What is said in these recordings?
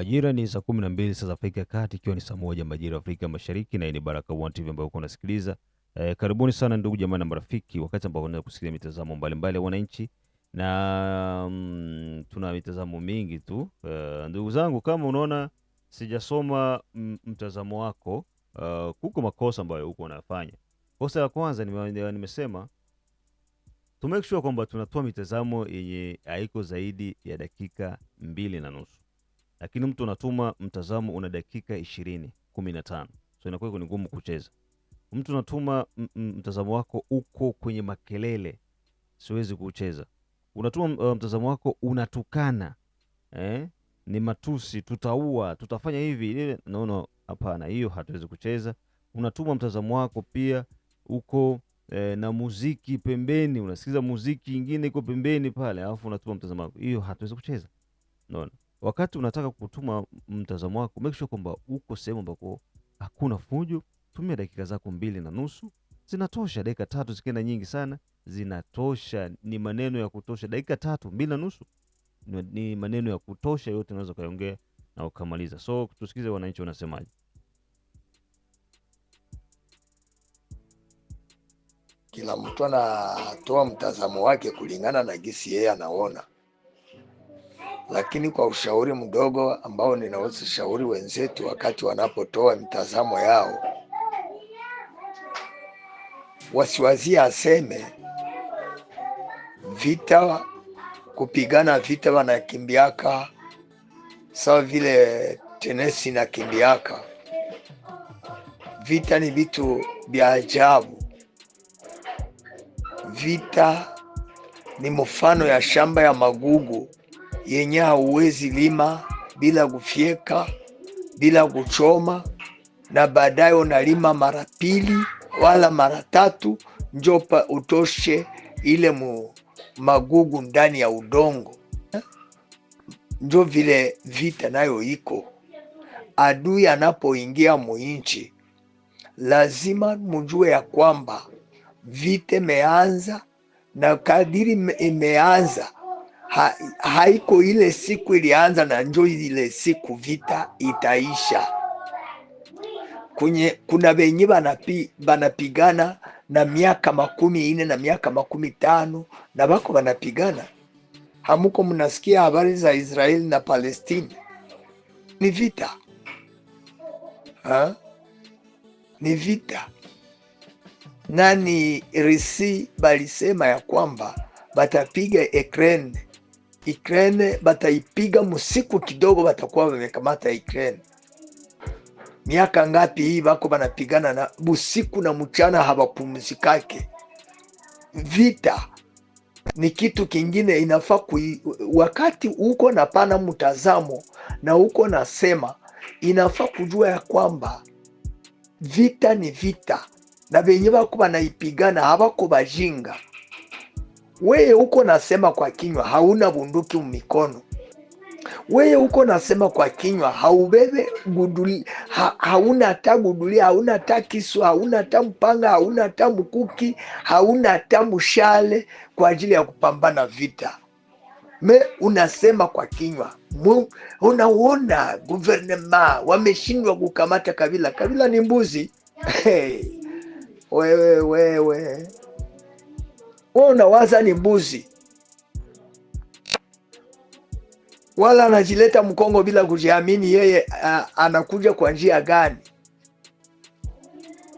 Majira ni saa kumi na mbili saa za Afrika ya Kati, ikiwa ni saa moja majira ya Afrika Mashariki, na hii ni Baraka One TV ambayo uko unasikiliza. E, karibuni sana ndugu jamaa na marafiki, wakati ambao unaweza kusikiliza mitazamo mbalimbali ya wananchi na mm, tuna mitazamo mingi tu. E, ndugu zangu, kama unaona sijasoma mm, mtazamo wako, e, kuko makosa ambayo huko unafanya. Kosa la kwanza nime, nimesema to make sure kwamba tunatoa mitazamo yenye haiko zaidi ya dakika mbili na nusu lakini mtu anatuma mtazamo una dakika ishirini kumi na tano so inakuwa ni ngumu kucheza. Mtu anatuma mtazamo wako uko kwenye makelele, siwezi kucheza. Unatuma uh, mtazamo wako unatukana, eh? Ni matusi, tutaua, tutafanya hivi. No, no, hapana, hiyo hatuwezi kucheza. Unatuma mtazamo wako pia uko eh, na muziki pembeni, unasikiza muziki ingine iko pembeni pale, alafu unatuma mtazamo wako, hiyo hatuwezi kucheza. Unaona? Wakati unataka kutuma mtazamo wako, make sure kwamba uko sehemu ambako hakuna fujo. Tumia dakika zako mbili na nusu zinatosha, dakika tatu zikienda nyingi sana zinatosha, ni maneno ya kutosha. Dakika tatu mbili na nusu ni maneno ya kutosha, yote unaweza ukaongea na ukamaliza. So tusikize wananchi wanasemaje. Kila mtu anatoa mtazamo wake kulingana na gisi yeye anaona lakini kwa ushauri mdogo ambao ninaweza shauri wenzetu wakati wanapotoa mitazamo yao, wasiwazia aseme vita, kupigana vita wanakimbiaka sawa vile tenesi na kimbiaka. Vita ni vitu vya ajabu. Vita ni mfano ya shamba ya magugu yenye hauwezi lima bila kufyeka, bila kuchoma, na baadaye unalima mara pili wala mara tatu, njopa utoshe ile mu magugu ndani ya udongo. Njo vile vita nayo iko, adui anapoingia muinchi, lazima mujue ya kwamba vita imeanza, na kadiri imeanza ha, haiko ile siku ilianza na njo ile siku vita itaisha. Kunye, kuna benye banapigana na miaka makumi ine na miaka makumi tano na bako banapigana. Hamuko mnasikia habari za Israeli na Palestine Ni vita ha? Ni vita nani risi balisema ya kwamba batapiga Ukraine Ukraine bataipiga musiku kidogo, batakuwa wamekamata Ukraine. Miaka ngapi hii bako banapigana na busiku na mchana, hawapumzikake. Vita ni kitu kingine, inafaa kui, wakati uko na pana mtazamo na uko nasema, inafaa kujua ya kwamba vita ni vita na venye wako wanaipigana hawako bajinga. Wewe uko nasema kwa kinywa hauna bunduki mikono, wewe uko nasema kwa kinywa haubebe guduli, ha, hauna hata guduli, hauna hata kisu, hauna hata mpanga, hauna hata mkuki, hauna hata mshale kwa ajili ya kupambana vita. Me unasema kwa kinywa. Unaona guvernema wameshindwa kukamata Kabila. Kabila ni mbuzi. Hey, wewe wewe wewe unawaza ni mbuzi, wala anajileta Mkongo bila kujiamini yeye a, anakuja kwa njia gani?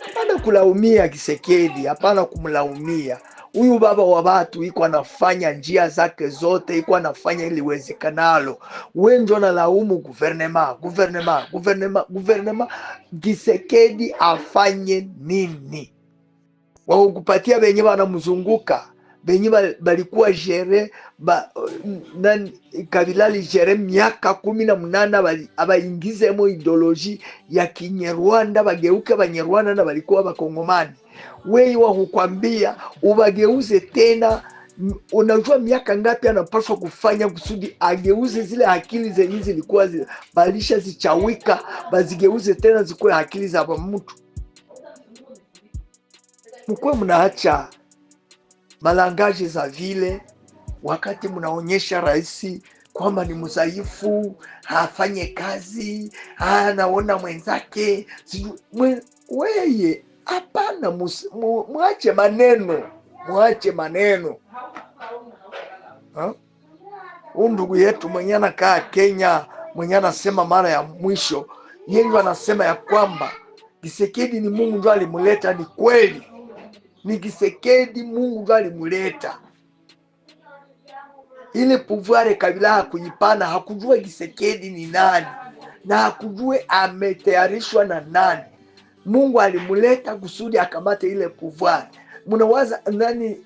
Hapana kulaumia Kisekedi, hapana kumlaumia huyu baba wa watu, iko anafanya njia zake zote, iko anafanya iliwezekanalo. We ndio nalaumu guvernema, guvernema, guvernema, guvernema. Kisekedi afanye nini? wakupatia venye wanamzunguka benye balikuwa jere ba, nani Kabila jere miaka kumi na munana abaingizemo ideoloji ya Kinyarwanda bageuke Banyarwanda na balikuwa Bakongomani. Wewe wakukwambia ubageuze tena. Unajua miaka ngapi anapaswa kufanya kusudi ageuze zile akili zenye zilikuwa balisha zichawika, bazigeuze tena zikuwe akili za mtu mkuwe mnaacha malangaji za vile, wakati mnaonyesha rais kwamba ni mzaifu, hafanye kazi, anaona mwenzake weye hapana, mwache maneno, mwache maneno Huu ndugu yetu mwenye anakaa Kenya, mwenye anasema mara ya mwisho yenye anasema ya kwamba Kisekedi ni Mungu ndio alimuleta, ni kweli ni Kisekedi Mungu alimuleta ile pouvoir Kabila kuipana, hakujua Kisekedi ni nani na hakujue ametayarishwa na nani. Mungu alimuleta kusudi akamate ile pouvoir. Mnawaza nani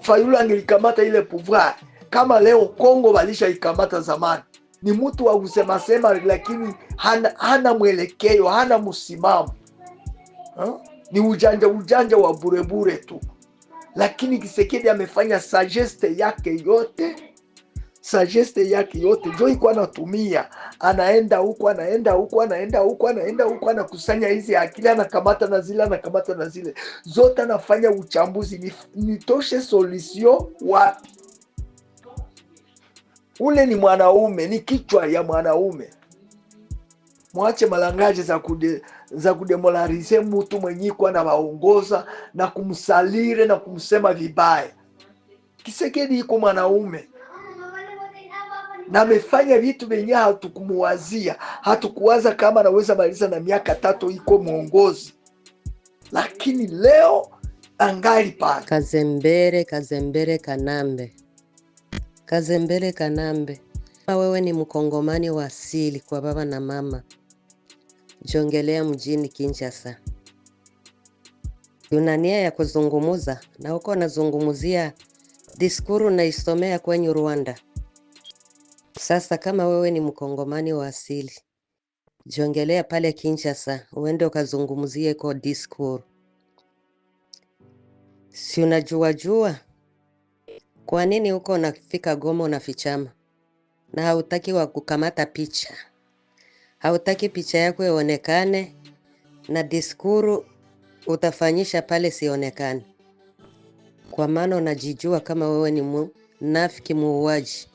Fayulu angelikamata ile pouvoir kama leo Kongo walishaikamata zamani? Ni mtu wa kusema sema, lakini hana, hana mwelekeo hana msimamo huh? ni ujanja ujanja wa burebure tu, lakini Kisekedi amefanya sageste yake yote sageste yake yote jo iko anatumia, anaenda huko anaenda huko, anaenda huko, anaenda huko anakusanya hizi akili, anakamata na zile anakamata na zile zote, anafanya uchambuzi, nitoshe solution wapi? Ule ni mwanaume, ni kichwa ya mwanaume. Mwache malangaje za kude za kudemoralize mtu na waongoza na kumsalire na kumsema vibaya. Kisekedi iko mwanaume na amefanya vitu vyenye hatukumuwazia, hatukuwaza kama anaweza maliza na miaka tatu iko mwongozi, lakini leo angali pale. Kazembere, Kazembere Kanambe, Kazembere Kanambe, wewe ni mkongomani wa asili kwa baba na mama jongelea mjini Kinshasa. Una nia ya kuzungumuza na huko anazungumzia diskuru isomea kwenye Rwanda. Sasa kama wewe ni mkongomani wa asili, jongelea pale Kinshasa, uende ukazungumzie kwa diskuru, si unajua jua kwa nini huko unafika Goma unafichama na hautaki wa kukamata picha hautaki picha yako ionekane, na diskuru utafanyisha pale sionekane, kwa maana unajijua kama wewe ni mnafiki muuaji.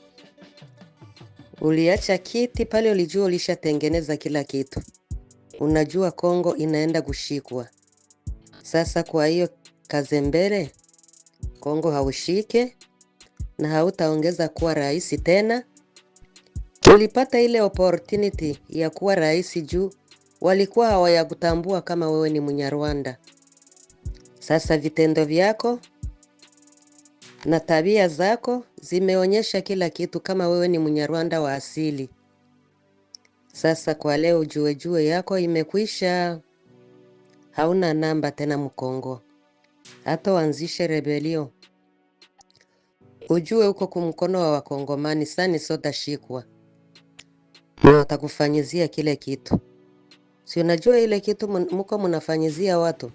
Uliacha kiti pale, ulijua ulishatengeneza kila kitu, unajua Kongo inaenda kushikwa sasa. Kwa hiyo kaze mbele, Kongo haushike na hautaongeza kuwa rais tena, Ulipata ile opportunity ya kuwa rais juu walikuwa hawayakutambua kama wewe ni Mnyarwanda. Sasa vitendo vyako na tabia zako zimeonyesha kila kitu kama wewe ni Mnyarwanda wa asili. Sasa kwa leo jue jue yako imekwisha, hauna namba tena Mkongo. Hata uanzishe rebelio, ujue uko kumkono wa Wakongomani, sani sotashikwa na atakufanyizia kile kitu. Si unajua ile kitu mko mnafanyizia watu,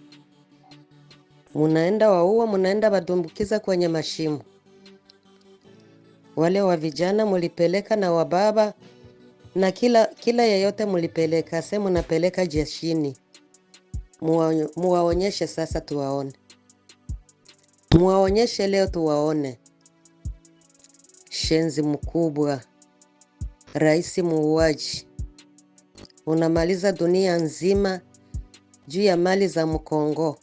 munaenda waua, munaenda watumbukiza kwenye mashimo. Wale wa vijana mulipeleka na wababa na kila kila yeyote mulipeleka, se munapeleka jeshini, muwaonyeshe sasa, tuwaone, muwaonyeshe leo, tuwaone. Shenzi mkubwa rais muuaji, unamaliza dunia nzima juu ya mali za Mkongo,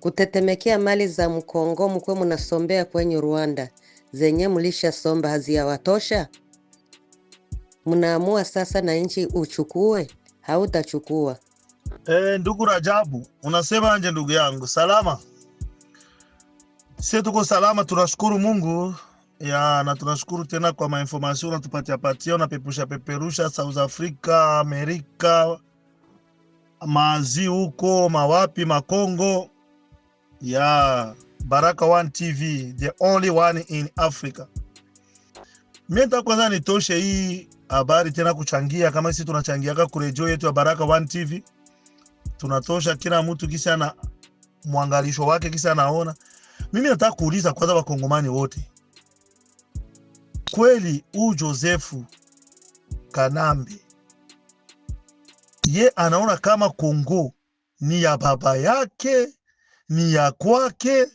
kutetemekea mali za Mkongo mkwe munasombea kwenye Rwanda zenye mlishasomba haziyawatosha. Mnaamua sasa na nchi uchukue, hautachukua. E, ndugu Rajabu unasema anje, ndugu yangu salama? Sie tuko salama, tunashukuru Mungu ya na tunashukuru tena kwa mainformasio unatupatia patia, unapepusha peperusha South Africa, Amerika, maazi huko mawapi makongo ya Baraka One TV, the only one in Africa. Mimi nataka kwanza nitoshe hii habari tena kuchangia kama sisi tunachangiaka ku redio yetu ya Baraka One TV, tunatosha kila mtu kisa na mwangalisho wake kisa naona. Mimi nataka kuuliza kwanza wakongomani wote Kweli u Josefu Kanambe ye anaona kama Kongo ni ya baba yake, ni ya kwake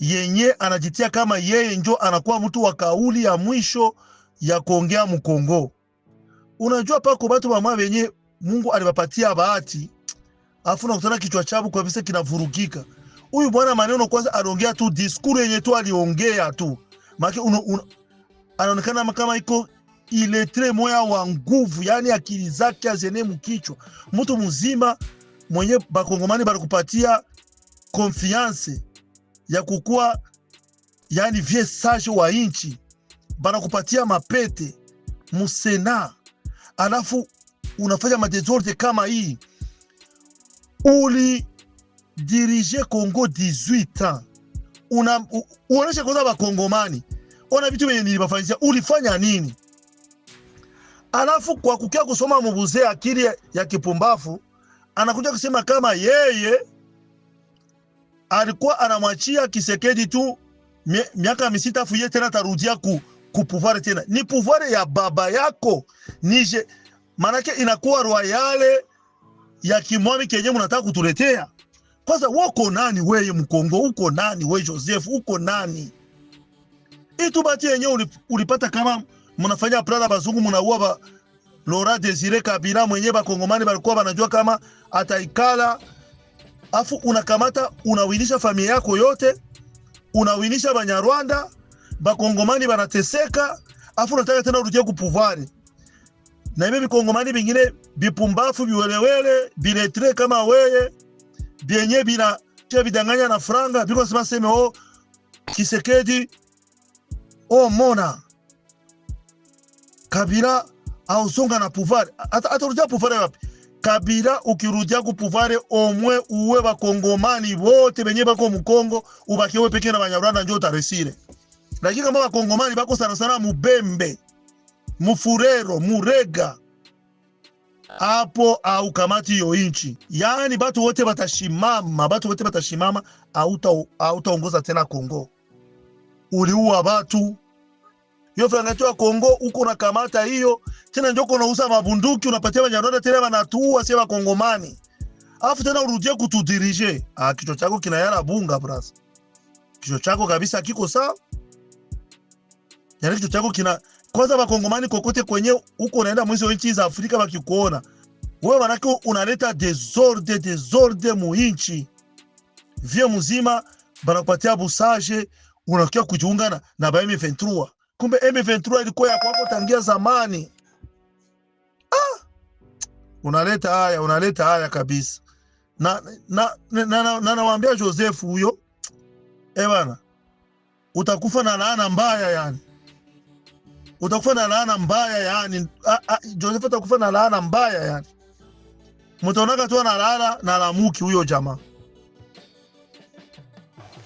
yenye anajitia kama yeye njo anakuwa mtu wa kauli ya mwisho ya kuongea Mkongo. Unajua, pako batu bamwa benye Mungu alibapatia bahati, afu nakutana kichwa chabu kabisa kinavurugika. Huyu bwana maneno kwanza aliongea tu diskuru yenye tu aliongea tu maki anaonekana kama iko iletre moya wa nguvu, yani akili zake azene mukichwa Mtu mzima mwenye bakongomani banakupatia konfiance ya kukuwa, yani vie sage wa inchi, banakupatia mapete musena, alafu unafanya madesorde kama hii. Uli dirige Congo 18 ans, unaonesha kwanza bakongomani wana vitu vyenye nilibafanyizia, ulifanya nini? Alafu kwa kukia kusoma mubuzee akili ya, ya kipumbafu anakuja kusema kama yeye alikuwa anamwachia Kisekedi tu miaka misita fuye tena tarudia ku, kupuvare tena. Ni puvare ya baba yako nije, manake inakuwa royale ya kimwami kenye mnataka kutuletea. Kwanza wako nani wewe, Mkongo? Uko nani wewe, Joseph? Uko nani? Hii tu bahati yenyewe ulipata kama mnafanya prada bazungu mnaua ba Laurent Desire Kabila mwenye ba Kongomani balikuwa banajua kama ataikala, afu unakamata unawinisha familia yako yote, unawinisha Banyarwanda, Bakongomani banateseka, afu unataka tena urudie kupuvari na hivi vikongomani vingine vipumbafu viwelewele biletre kama weye vyenye bila vidanganya na franga viko sema seme o oh, Kisekedi omona Kabila au songa na puvare atarudia puvare wapi? Kabila ukirudia ku kupuvare omwe uwe ba kongomani wote benye ba ko mukongo ubaki wewe pekee na banyarwanda njoo taresire Lakini kama ba bakongomani bako sana sana mubembe, mufurero, murega hapo au kamati hiyo inchi, yani, batu wote batashimama, batu wote batashimama, hautaongoza tena Kongo uliua watu hiyo frangacho ya Kongo huko na kamata hiyo tena, njoko unauza mabunduki unapatia Wanyarwanda tena wanatuua sie Wakongomani, alafu tena urudie kutudirije. Ah, kichwa chako kinayala bunga bras, kichwa chako kabisa kiko sawa yani, kichwa chako kina kwanza. Wakongomani kokote kwenye huko unaenda mwizo nchi za Afrika, wakikuona wewe manake unaleta desorde desorde muinchi vie muzima, banakupatia busaje unakia kujiunga na, na ba M23. Kumbe M23 ilikuwa ya kwako tangia zamani. Ah! Unaleta haya, unaleta haya kabisa. Na na na na, na, na Joseph huyo eh bana, utakufa na laana mbaya yani. Utakufa na laana mbaya yani. A, a, Joseph utakufa na laana mbaya yani. Mtaonaka tu analala na lamuki huyo jamaa.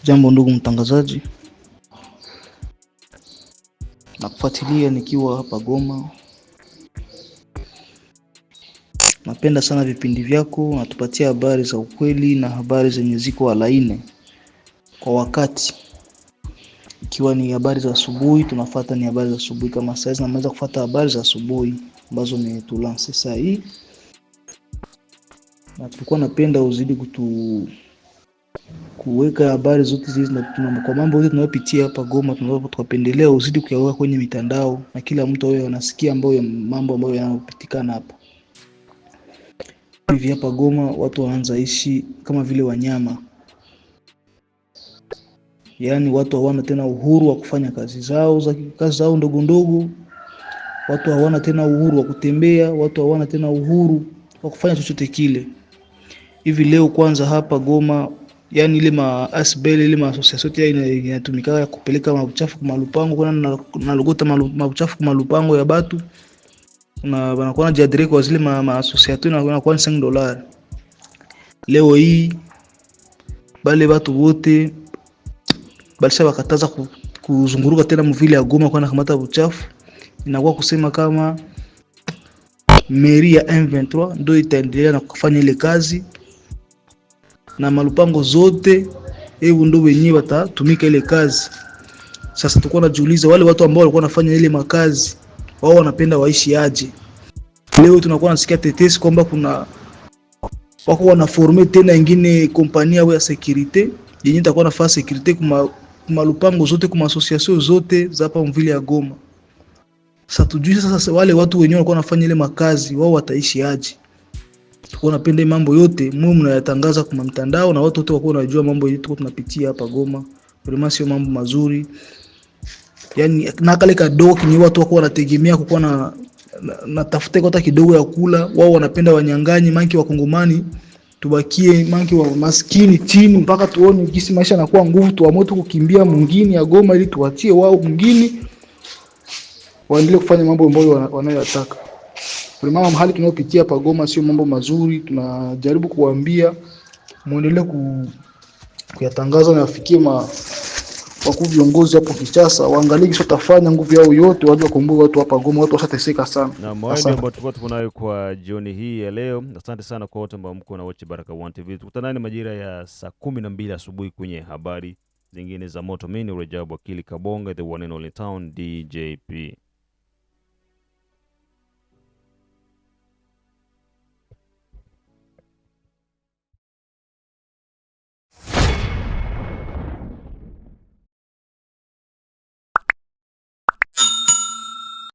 Jambo ndugu mtangazaji kufuatilia nikiwa hapa Goma. Napenda sana vipindi vyako, natupatia habari za ukweli na habari zenye ziko laini kwa wakati. Ikiwa ni habari za asubuhi, tunafata ni habari za asubuhi. Kama saizi naweza kufata habari za asubuhi ambazo umetulance saa hii, na tulikuwa napenda uzidi kutu kuweka habari zote zile kwa mambo yote tunayopitia hapa Goma, tunapendelea uzidi kuyaweka kwenye mitandao na kila mtu awe anasikia ambayo mambo ambayo yanayopitikana hapa hivi hapa Goma. Watu waanza ishi kama vile wanyama, yaani watu hawana tena uhuru wa kufanya kazi zao za kazi zao ndogo ndogo. Watu hawana tena uhuru wa kutembea, watu hawana tena uhuru wa kufanya chochote kile. Hivi leo kwanza hapa Goma yani ile ma asbel ile ma maasosiasiote inatumika ya kupeleka mauchafu kwa malupango kuna nalogota mauchafu kwa malupango ya batu na wanakuwa na jadire kwa zile maasosiato ma nakuwa ni 5 dollars. Leo hii bale batu wote balisha bakataza ku, kuzunguruka tena mvile ya Goma kwa nakamata uchafu, inakuwa kusema kama meri ya M23 ndio itaendelea na kufanya ile kazi na malupango zote hebu ndio wenyewe watatumika ile kazi. Sasa tuko najiuliza wale watu ambao walikuwa wanafanya ile makazi wao wanapenda waishi aje? Leo tunakuwa nasikia tetesi kwamba kuna wako wanaforme tena ingine kompania ya sekurite yenye itakuwa nafaa sekurite kuma malupango zote kuma association zote za hapa mvili ya Goma. Sasa tujui sasa wale watu wenyewe walikuwa wanafanya ile makazi wao wataishi aje? Tulikuwa napenda mambo yote mwe mnayatangaza kwa mtandao na watu wote wako wanajua mambo yetu tuko tunapitia hapa Goma. Vraiment sio mambo mazuri. Yaani na kale kadogo ni watu wako wanategemea kukua na natafuta kwa kidogo ya kula, wao wanapenda wanyang'anyi manki wa Kongomani, tubakie manki wa maskini chini mpaka tuone jinsi maisha yanakuwa nguvu, tuamue tu kukimbia mwingine ya Goma ili tuachie wao mwingine waendelee kufanya mambo ambayo wanayotaka. Mama, mahali tunayopitia pa Goma sio mambo mazuri. Tunajaribu kuwaambia muendelee ku, kuyatangaza na yafikie ma wakuu viongozi hapo Kinshasa, waangalie kisha tafanya nguvu yao yote, waje wakumbuke watu hapa Goma, watu washateseka sana. Na maoni ambayo tulikuwa tuko nayo kwa jioni hii ya leo. Asante sana kwa wote ambao mko na watch Baraka One TV. Tukutanani majira ya saa kumi na mbili asubuhi kwenye habari zingine za moto. Mimi ni Rajabu Akili Kabonga, the one and only town DJP.